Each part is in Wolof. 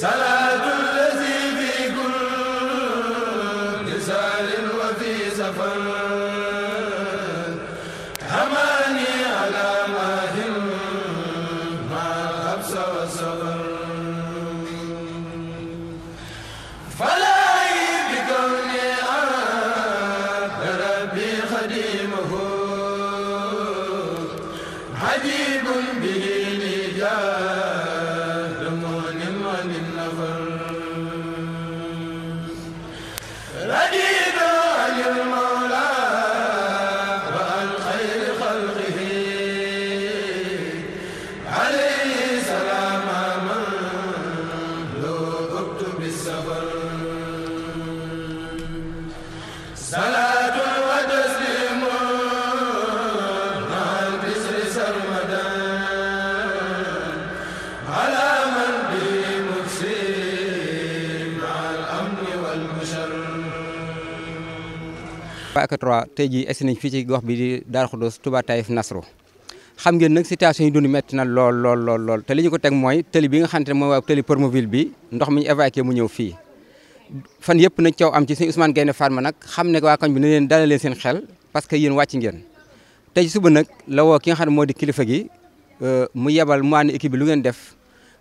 سند الذي في كل نزال وفي سفر حماني على ما هم مع الحبس والصبر ak 3 tey jii agsi nañ fii ci gox bi di Darou Khoudoss Touba Taïf Nasru xam ngeen nag situation yi dund metti na lool lool lool lool te li ñu ko teg mooy tëli bi nga xam ne mooy waaw tëli Promoville bi ndox mi ñu mu ñëw fii fan yëpp nag coow am ci suñu Ousmane Gaynde Fatma nag xam ne waa koñ bi ne leen dalaleen seen xel parce que yéen wàcc ngeen tey ci suba nag la woo ki xam ne moo di kilifa gi euh, mu yebal mu ànd équipe bi lu ngeen def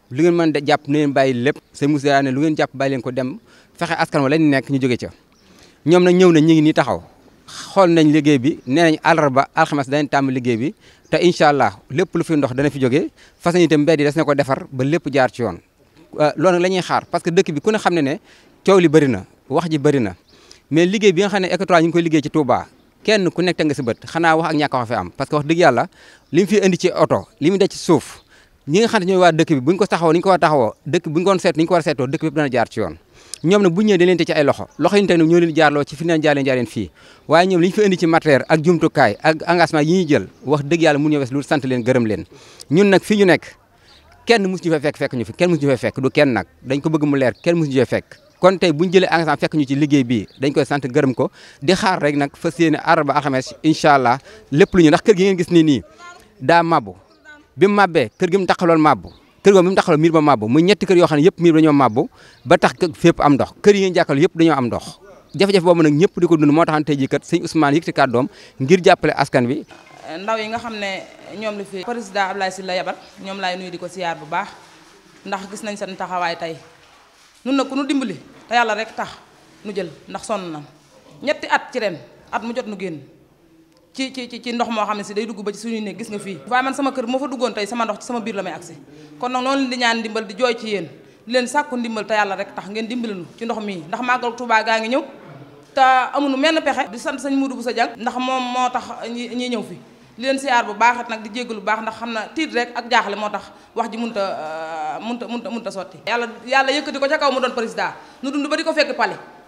lu ngeen mën a jàpp ne leen bàyyi lépp seen mus ne lu ngeen jàpp bàyyi leen ko dem fexe askan wa lañ nekk ñu jóge ca ñoom nag ñëw na ñu ngi nii taxaw xool nañ liggéey bi nee nañ àllarba alxames dañ tàmm liggéey bi te incha allah lépp lu fi ndox dana fi jóge fas ñu itam mbedd yi des na ko defar ba lépp jaar ci yoon euh, loolu nag la ñuy xaar parce que dëkk bi ku ne xam ne ne coow li bëri na wax ji bëri na mais liggéey bi nga xam ne Ecotra ñu ngi koy ci Touba kenn ku nekk te nga si bët xanaa wax ak ñàkk wax am parce que wax dëgg yàlla li fi indi ci oto li mu daj ci suuf ñi nga xam ne ñooy waa dëkk bi buñ ko taxawoo ni ñu ko war a ni ñu ko war a dëkk bi dana jaar ci yoon ñoom na bu ñëwee da leen te ci ay loxo loxo yi tey nag ñoo leen jaarloo ci fi neen jaar leen jaar leen fii waaye ñoom li ñu fi indi ci matériel ak jumtukaay ak engagement yi jël wax dëgg yàlla mun ñoo wes lu sant leen gërëm leen ñun nag fii ñu nekk kenn mus ñu fekk fekk ñu fi kenn mus ñu fekk du kenn nag dañ ko bëgg mu leer kenn mus ñu fa fekk kon tey bu ñu jëlee engagement fekk ñu ci liggéey bi dañ koy sant gërëm ko di xaar rek nag fas yéene arba alxames incha allah lépp lu ñu ndax kër gis nii nii daa mabbu bi mu mabbee kër gi mu taqaloon mabbu kër googu mi mu taxawal miir ba màbbu muy ñetti kër yoo xam ne yëpp miir dañoo màbbu ba tax fépp am ndox kër yi ngeen jàkkal yëpp dañoo am ndox jafe-jafe boobu nag ñëpp di ko dund moo taxan tey jii kat sëñ Ousmane yëkkati kàddoom ndaw yi nga xam ne ñoom la fi président Abdoulaye Sylla yabal ñoom laay nuyu di ko siyaar bu baax ndax gis nañ seen taxawaay tey nun nag ku nu dimbali te yàlla rek tax nu jël ndax sonn na ñetti at ci ren at mu jot nu génn ci ci ci ndox mo xam ci day dugg ba ci suñu néeg gis nga fi way man sama kër mo fa duggon tay sama ndox ci sama biir lamay aksi kon nak non di ñaan dimbal di joy ci yeen di len sakku dimbal te yalla rek tax ngeen lu ci ndox mi ndax màggal Tuubaa gaa ngi ñëw te amuñu menn pexe di sante señ Mudu bu sa jang ndax mom motax ñi ñew fi di len siar bu baaxet nak di jéggul bu baax ndax xamna tit rek ak jaaxle motax wax ji munta munta munta munta soti yalla yalla yëkëti ko ca kaw mu doon président nu dund ba diko fekk pale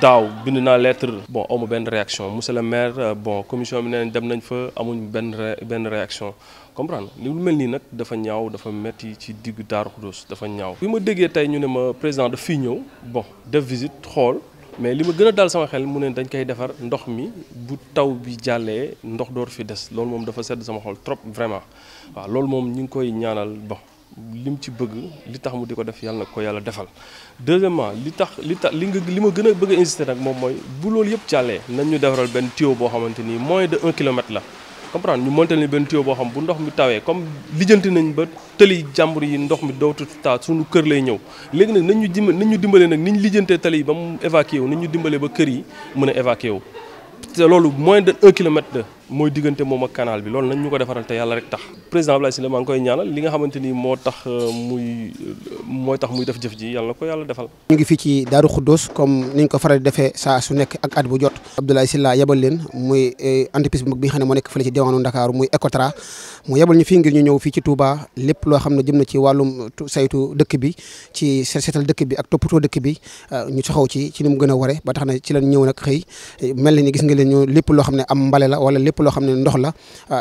daw bind lettre bon amu réaction monsieur le maire euh, bon commission bi neen dem nañ fa amuñ benn réaction comprendre li lu mel nii dafa ñaaw dafa metti ci diggu Daaru dafa ñaaw ma déggee ñu ne ma président bon visite mais li a daal sama xel mu ne dañ koy ndox mi bu taw bi jàllee ndox des lim ci bëgg li tax mu di ko def yàlla na ko yàlla defal deuxièmement li tax li tax li nga li ma gën a bëgg a insister nag moom mooy bu loolu yëpp jàllee nañ ñu defaral benn tuyau boo xamante ni moins de un kilomètre la comprendre ñu montal ni benn tuyau boo xam bu ndox mi tawee comme lijjanti nañ ba tëli jàmbur yi ndox mi dootu taa suñu kër lay ñëw léegi nag nañ ñu dim nañ ñu dimbalee nag ni ñu lijjantee tëli yi ba mu évacué wu nañ ñu dimbalee ba kër yi mën a évacué wu loolu moins de kilomètre la mooy diggante moom ak canal bi loolu nañ ñu ko defaral te yàlla rek tax président Abdoulaye Sylla maa ñaanal li nga xamante ni moo tax euh, muy euh, mooy tax muy def jëf ji yàlla na ko yàlla defal. ñu ngi fii ci Daaru Xuddoos comme niñ ko faral defee saa su nekk ak at bu jot. Abdoulaye Sylla yebal leen muy euh, entreprise bu mag bi nga ne moo nekk fële ci diwaanu Ndakaaru muy Ecotra mu yebal ñu fii ngir ñu ñëw fii ci Touba lépp loo xam ne jëm na ci wàllum saytu dëkk bi ci seetal dëkk bi ak toppatoo dëkk bi ñu soxaw ci ci ni mu gën a ware ba tax na ci lañ ñëw nag xëy mel ni gis nga leen ñu lépp loo xam ne am mbale la wala lépp lépp lo xamne ndox la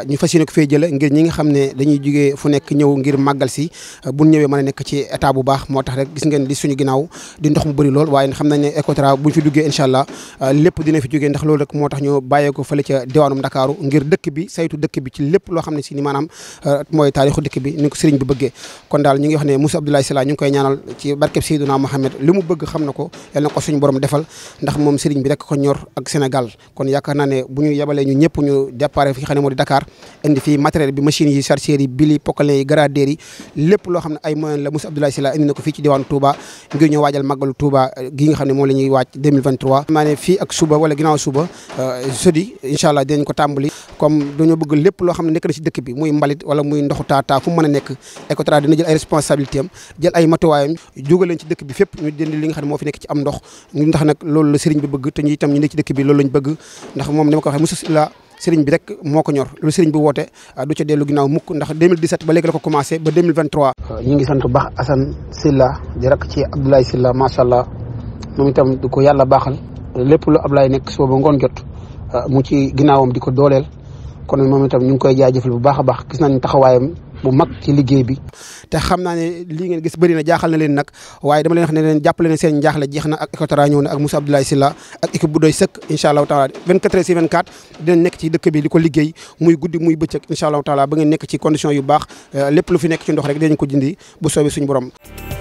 ñu fas ko fe jële ngir ñi nga xamne dañuy jugee fu nek ñëw ngir magal si bu ñewé mën nek ci état bu baax motax rek gis ngeen li suñu ginaaw di ndox mu bari lool waye xam nañ ne Ecotra buñ fi duggé inshallah lépp dina fi jógee ndax lool rek motax ñu bayé ko fële ci diwanum dakaru ngir dëkk bi saytu dëkk bi ci lépp lo xamne ne si ni manam moy taarixu dëkk bi ni ko sëriñ bi bëggé kon dal ñi nga xamne ne Moussa Abdoulaye sala ñu koy ñaanal ci barkeb sayyiduna mohammed limu bëgg xam na yàlla na ko suñu borom defal ndax mom sëriñ bi rek ko ñor ak Sénégal kon yakarna ne buñu yabalé ñu ñëpp ñu ñu départ fi nga matériel bi machines yi chargeurs yi bili yi grader lépp loo xam ne ay moyen la Moussa Abdoulaye Sylla indi na ko fii ci diwaanu Touba ngir ñu euh, euh, bëgg lépp loo xam ne nekk na si dëkk bi muy mbalit wala muy ndoxu taataa fu mu mën a nekk Ecotra dina jël ay responsabilité ci dëkk bi fépp ñu dindi li nga xam ne moo fi nekk ci am ndox ndax nag loolu la sëriñ bi bëgg te ñu nekk ci dëkk bi loolu lañ bëgg ndax moom dama ko waxee Moussa Sylla sëriñ bi rek moo ko ñor lu sëriñ bi woote ah, du ca dellu ginnaaw mukk ndax 2017 ba léegi la ko commencé ba 2023. Euh, ñu ngi sant bu baax Assane Sylla di rakk ci Abdoulaye Sylla macha allah moom itam du ko yàlla baaxal lépp lu Abdoulaye nekk soo ba ngoon jot ah, mu ci ginnaawam di ko dooleel kon moom itam ñu ngi koy jaajëfal bu baax a baax gis nañ taxawaayam bu mag ci liggéey bi te xam naa ne lii ngeen gis bëri na jaaxal na leen nag waaye dama leen wax ne leen jàppale ne seen njaaxle jeex na ak Ecotra ñëw na ak Moussa Abdoulaye Sylla ak équipe bu doy sëkk incha allahu taala 24 heures sur 24 dinañ nekk ci dëkk bi di ko liggéey muy guddi muy bëccëg incha allahu taala ba ngeen nekk ci condition yu baax euh, lépp lu fi nekk ci ndox rek dinañ ko jindi bu soobee suñu borom